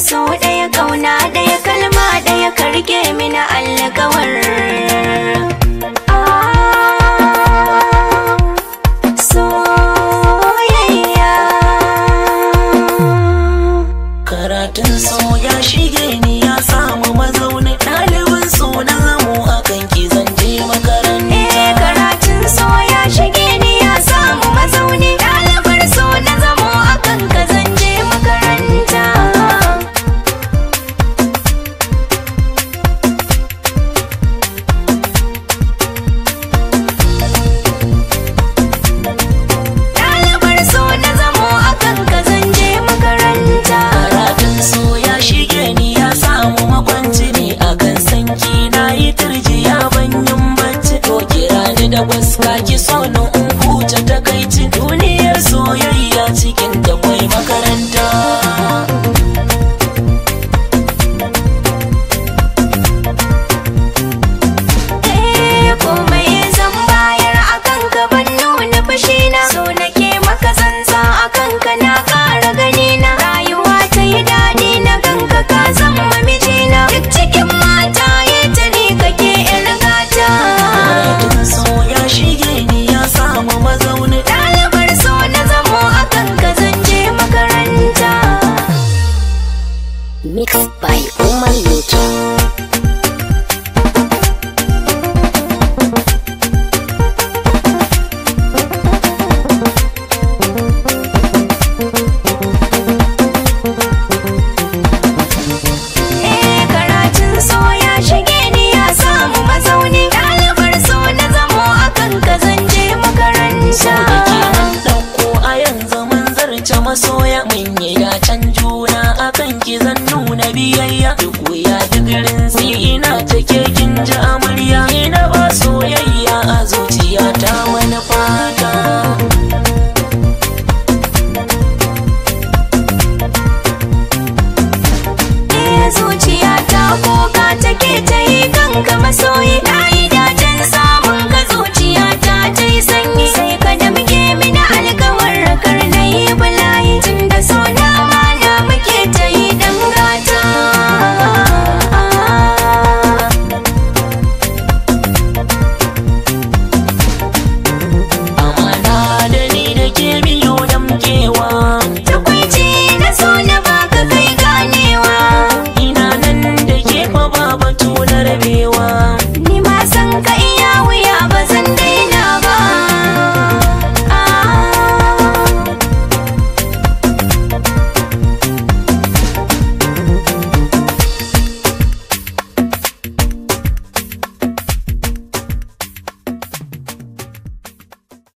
so ɗaya kauna ɗaya kalma ɗaya karge rike mini alkawar ah, Karatun so ya shige ni ya samu mazo da waska ki so na in ta takaici duniyar soyayya cikin da kwai makaranta masoya mun yi can juna akan ki zan nuna biyayya duk wuya duk rinsi ina ta kin ji amarya ina ba soyayya a zuciya ta wani fata eh, zuciya ta koka